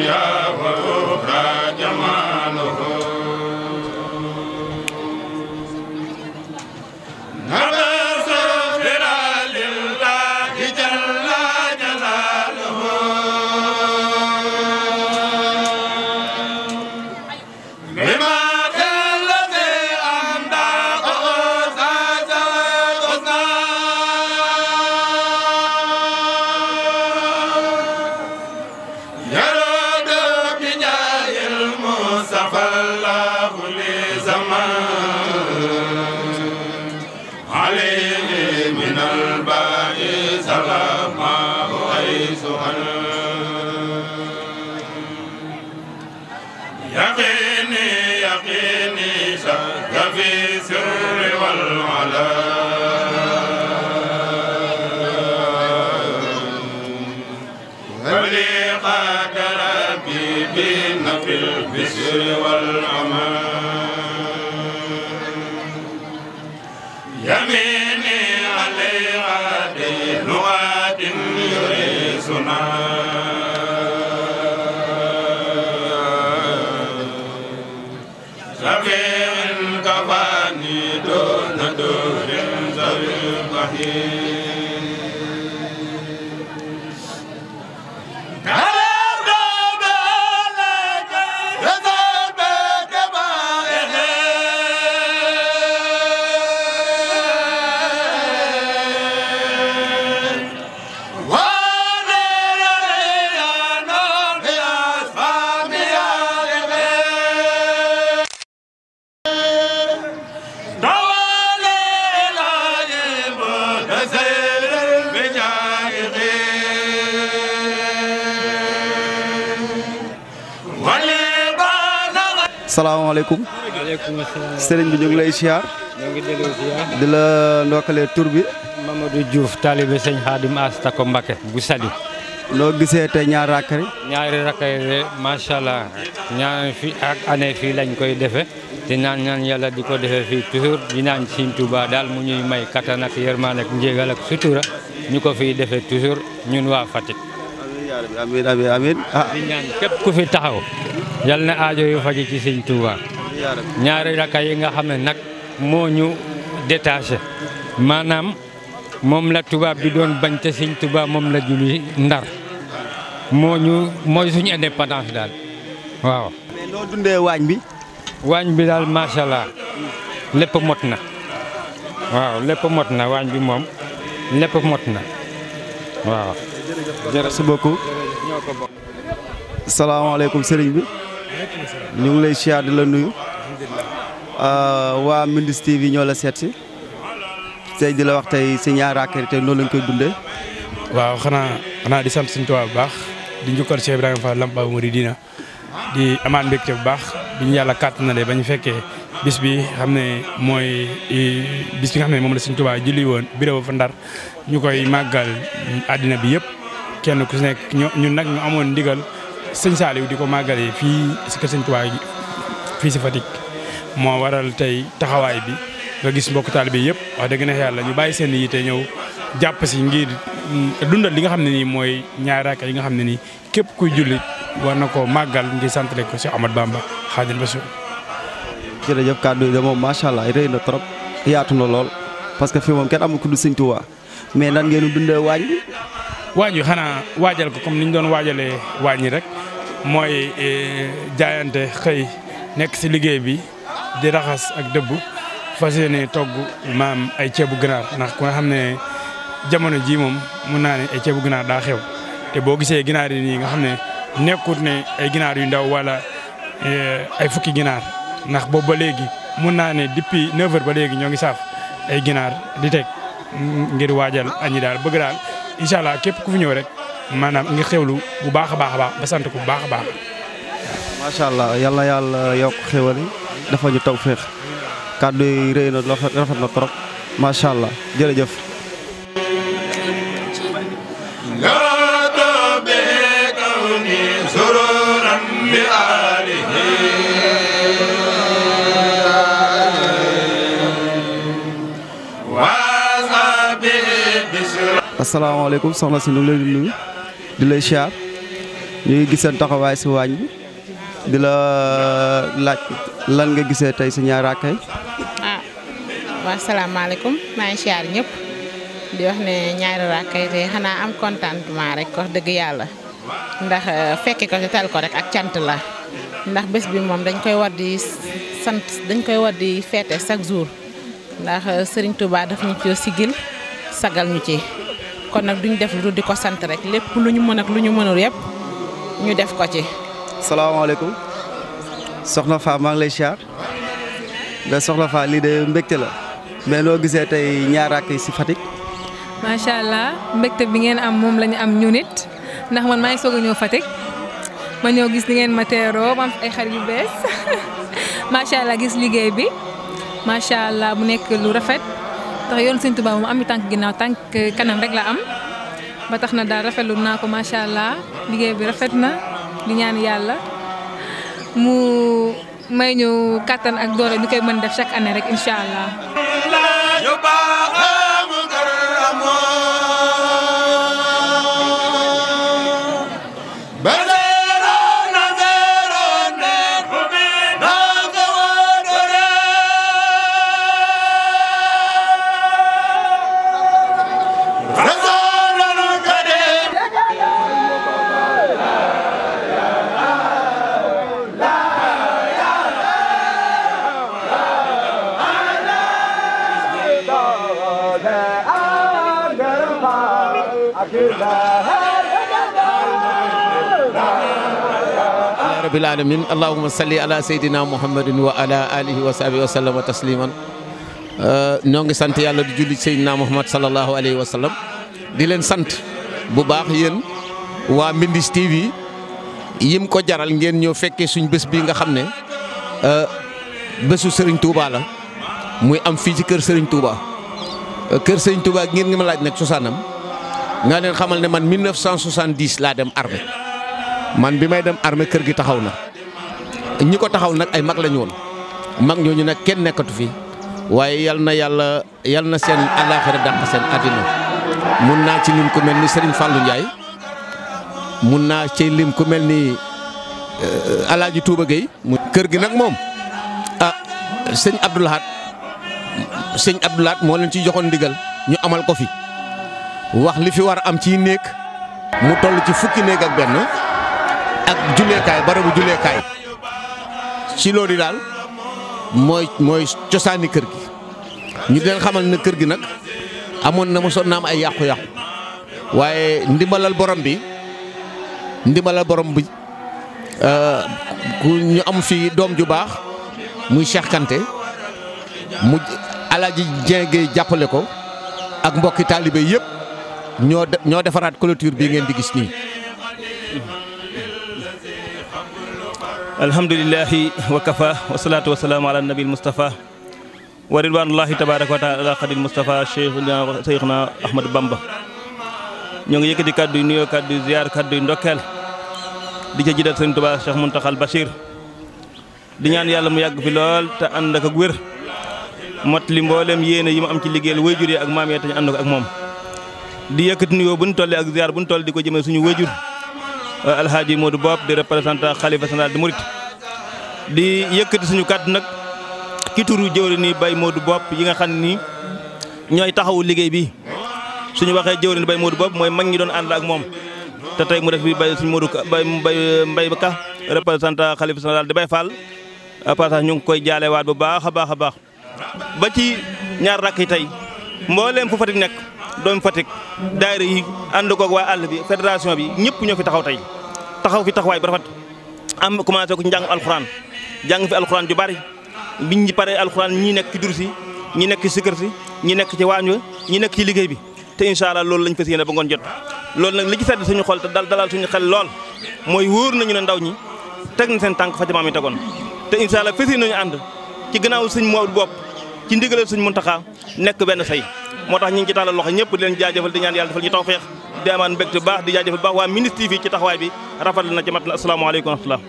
yaa يقيني يقيني شك في سر والعلن سنا salaamaaleykum. maaleykum salaam. sëriñ bi ñu ngi lay siyaar. di la ndokkalee tur bi. Mamadou Diouf taalibe sëñ Xaadim Astako Mbacke bu Sali. noo gisee te ñaari rakk yi. ñaari rakk yi macha allah ñaan fi ak année fii lañ koy defee te naan ñaan yàlla di ko defee fi toujours di naan Sëñ Tuubaa daal mu ñuy may kattan ak yërmaan ak njégal ak sutura ñu ko fiy defee toujours ñun waa Fatick. amiin amiin ah. képp ku fi taxaw. yal na aajo yu faji ci sëñ Touba ñaari raka yi nga xam ne nag moo ñu détaché maanaam moom la tubaab bi doon bañ te sëñ Touba moom la julli ndar moo ñu mooy suñu indépendance daal waaw. mais noo dundee waañ bi. waañ bi daal macha allah lépp mot na waaw lépp mot na waañ bi moom lépp mot na waaw. salaamaaleykum sëriñ bi. ñu ngi lay siyaar di la nuyu waa Mindiss TV ñoo la seet si tey di la wax tey si ñaar raakari tey noonu lañ koy dundee. waaw xanaa xanaa di sant suñu Tuubaa bu baax di njukkal Cheikh Ibrahima Fall Lamp Baabul Muriidiina di amaat mbégte bu baax bi ñu yàlla kàttanalee ba ñu fekkee bis bi xam ne mooy bis bi nga xam ne moom la suñu Tuubaa julli woon bureau fa Ndar ñu koy màggal àddina bi yëpp kenn ku si nekk ñu nag ñu amoon ndigal. sëñ Saliou di ko màggalee fii si kër sëñ Tuubaa fii si Fatick moo waral tey taxawaay bi nga gis mbokk taalibe yëpp wax dëgg neex yàlla ñu bàyyi seen yite ñëw jàpp si ngir dundal li nga xam ne nii mooy ñaari yi nga xam ne nii képp kuy jullit war na ko màggal ngir santale ko si baam ba Bamba Xaadimu Rasuul. jërëjëf kàddu yi de moom macha allah rëy na trop yaatu na lool parce que fii moom kenn amul ku du sëñ Tuubaa mais nan ngeen dundee waañ bi. waañ xanaa waajal comme ni ñu doon waajalee waañ yi rek mooy e, jaayante xëy nekk si liggéey bi di raxas ak dëbb fas yéene togg maam ay ceebu ganaar ndax ku nga xam ne jamono jii moom mun naa ne ay ceebu ganaar daa xew te boo gisee ginaar yi nii nga xam ne nekkut ne ay ginaar yu ndaw wala e, ay fukki ginaar ndax boobu ba léegi mun naa ne depuis 9 ba léegi ñoo ngi saaf ay ginaar di teg ngir waajal añi daal bëgg daal incha allah képp ku fi ñëw rek maanaam ngi xewlu bu baax a baax a baax ba sant ko bu baax a baax. macha allah yal na yàlla yokk xéwal yi dafa ñu taw féex kàddu yi rëy na rafet na trop macha allah jërëjëf. asalaamaaleykum soxna si ñu ngi nuyu di lay siyaar ñu ngi gis seen taxawaay si waañ bi di la laaj lan nga gisee tey si ñaari rakka yi. ah waa salaamaaleykum maa char siyaar ñëpp di wax ne ñaari rakka yi tey xanaa am contentement rek wax dëgg yàlla ndax euh, fekke ko te tal ko rek ak cant la ndax bés bi moom dañ koy war di sant dañ koy war di feete chaque jour ndax euh, sëriñ Touba daf ñu ci sigil sagal ñu ci. kon nag duñ def lu dul di ko sant rek lépp lu ñu mën ak lu ñu mënul yëpp ñu def ko ci. salaamaaleykum soxna Fa maa lay siyaar da soxna Fa lii de mbégte la mais loo gisee tey ñaarak ci fatik Fatick. macha allah mbégte bi ngeen am moom lañu am ñu nit ndax man maa ngi soog a ma ñoo gis ni ngeen ma teeroo ma ay xar yu bees macha allah gis liggéey bi macha allah mu nekk lu rafet. tax yoonu sëñ Tuubaa moom ami tànk ginnaaw tànk kanam rek la am ba tax na daal rafetlu naa ko macha allah liggéey bi rafet na di ñaan yàlla mu may ñu kàttan ak doole ñu koy mën def chaque année rek incha allah. rabbil alamin allahumma salli ala sayyidina muhammadin wa ala alihi wa sahbihi wa sallama tasliman ñoo euh, ngi sant yàlla di julli sayyidina muhammad sallallahu alayhi wa sallam di leen sant bu baax yéen waa Mbindis TV yim ko jaral ngeen ñëw fekkee suñu bés bii nga xam ne euh, bésu sëriñ Touba la muy am fii ci kër sëriñ Touba euh, kër Serigne Touba ngeen ngi ma laaj nag cosaanam naa leen xamal ne man 1970 laa dem armée man bi may dem armée kër gi taxaw na ñi ko taxaw nag ay mag la woon mag ñooñu nag kenn nekkatu fi waaye yal na yàlla yal na seen àllaaxira dàq seen àddina mun naa ci lim ku mel ni Serigne Fallou Ndiaye mun naa ci lim ku mel ni eh, Alaaji Touba mu kër gi nag moom ah sëñ Abdoulahat sëñ Abdoulahat moo leen ci joxoon ndigal ñu amal ko fi wax li fi war am ci néeg mu toll ci fukki néeg ak benn ak julleekaay barabu julleekaay ci loolu daal mooy mooy cosaani kër gi ñu deen xamal ne kër gi nag amoon na mosoon na am ay yàqu-yàqu waaye ndimbalal borom bi ndimbalal borom bi euh, ku ñu am fi doom ju baax muy Cheikh Kanté mu Alaaji Dieng Gueye jàppale ko ak mbokki taalibe yëpp ñoo ñoo defaraat clôture bii ngeen di gis nii. alhamdulilahi wa kafa wasalaatu wasalaamu ala nabil Moustapha wa ridwanullahi tabaraka wa taala ala xadil Moustapha cheikhna cheikhna Ahmadou Bamba ñoo ngi yëkkati kàddu yu nuyoo kàddu yu ziyaar kàddu yu ndokkeel di ca jiital sëñ Tuubaa Cheikh Muntaxal Bachir di ñaan yàlla mu yàgg fi lool te ànd ak wér mot li mboolem yéene yi mu am ci liggéeyal waajur yi ak maam yi te ànd ko ak moom di yëkkati nuyoo bu ñu tollee ak ziar bu ñu toll di ko jëmee suñu wëjur alhaaji euh, Modou Bopp di représentant xalifa général di murit di yëkkati suñu kàddu nag ci turu jëwri nii bay moodu Bopp yi nga xam nii ñooy taxawu liggéey bi suñu waxee jëwri ni bay Modou Bopp mooy mag ñi doon ànd ak moom te tey mu def bi bay suñu Modou bay mbay ba ka représentant xalifa général di bay Fall à passage ñu ngi koy waat bu baax a baax a baax ba ci ñaar rakk yi tey mbooleem fu Fatick nekk doomu Fatick daayira yi ànd koog waa àll bi fédération bi ñëpp ñoo fi taxaw tey taxaw fi taxawaay bu rafet am commencé ko jàng alxuraan jàng fi alxuraan ju bari biñ ñu paree alxuraan ñii nekk ci dur si ñi nekk ci sikkër si ñi nekk ci waañ ñi nekk ci liggéey bi te incha loolu lañ fas yéene ba ngoon jot loolu nag li ci sedd suñu xol te dal dalal suñu xel lool mooy wóor nañu ne ndaw ñi teg na seen tànk fa jamaam yi tegoon te incha allah fas yéene ci gannaaw suñ moodu bopp ci ndigalal suñ muntaxaa nekk benn say moo tax ñu ngi ci tàllal loxo ñëpp leen jaajëfal di ñaan yàlla defal ñu tawfeex di amaan mbégte bu baax di jaajëfal bu baax waa ministre yi ci taxawaay bi rafetlu na ci mat na asalaamaaleykum wa rahmatulah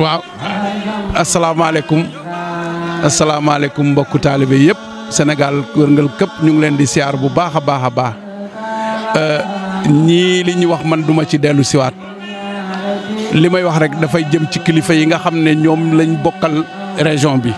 waaw asalaamaaleykum asalaamaaleykum mbokku taalibe yëpp Sénégal wërngal këpp ñu ngi leen di siyaar bu baax a baax a baax euh, ñii li ñu wax man duma ci dellu siwaat li may wax rek dafay jëm ci kilifa yi nga xam ne ñoom lañu bokkal région bi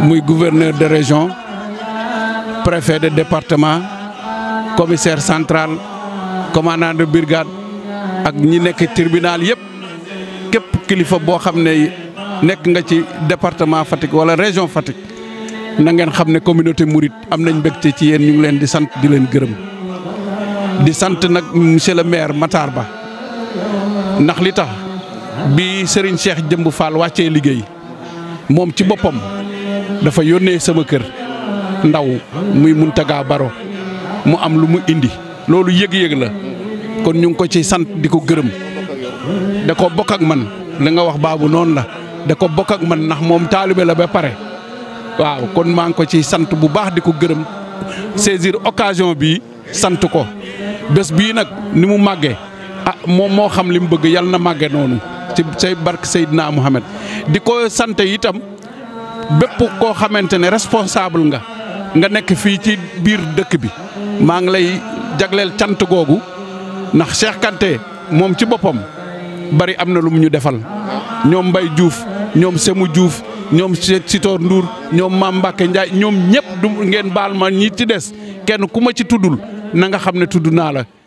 muy gouverneur de région préfet de département commissaire central commandant de ak ñi nekk tribunal yëpp képp kilifa boo xam ne nekk nga ci département Fatick wala région Fatick na ngeen xam ne communauté Mouride am nañu mbégte ci yéen ñu leen di sant di leen gërëm di sant nag monsieur le maire Matar Ba ndax li tax bi Serigne Cheikh Jëmb Fall wàccee liggéey moom ci boppam dafa yónnee sama kër ndaw muy Muntaga Baro mu am lu mu indi loolu yég yëg la kon ñu ngi ko ci sant di ko gërëm da ko bokk ak man li nga wax baabu noonu la da ko bokk ak man ndax moom taalibe la ba pare waaw kon maa ngi ko ci sant bu baax di ko gërëm saisir occasion bi sant ko bés bii nag ni mu màggee a ah, moom moo xam li mu bëgg yal na màggee noonu ci say barke Seydina Muhammad di ko sant itam bépp koo xamante ne responsable nga nga nekk fii ci biir dëkk bi maa ngi lay jagleel cant googu ndax Cheikh moom ci boppam bari am na lu mu ñu defal ñoom Mbaye juuf ñoom semu juuf ñoom Sitor Ndour ñoom Mame Mbacke Ndiaye ñoom ñëpp du ngeen baal ma ñi ci des kenn ku ma ci tuddul na nga xam ne tudd naa la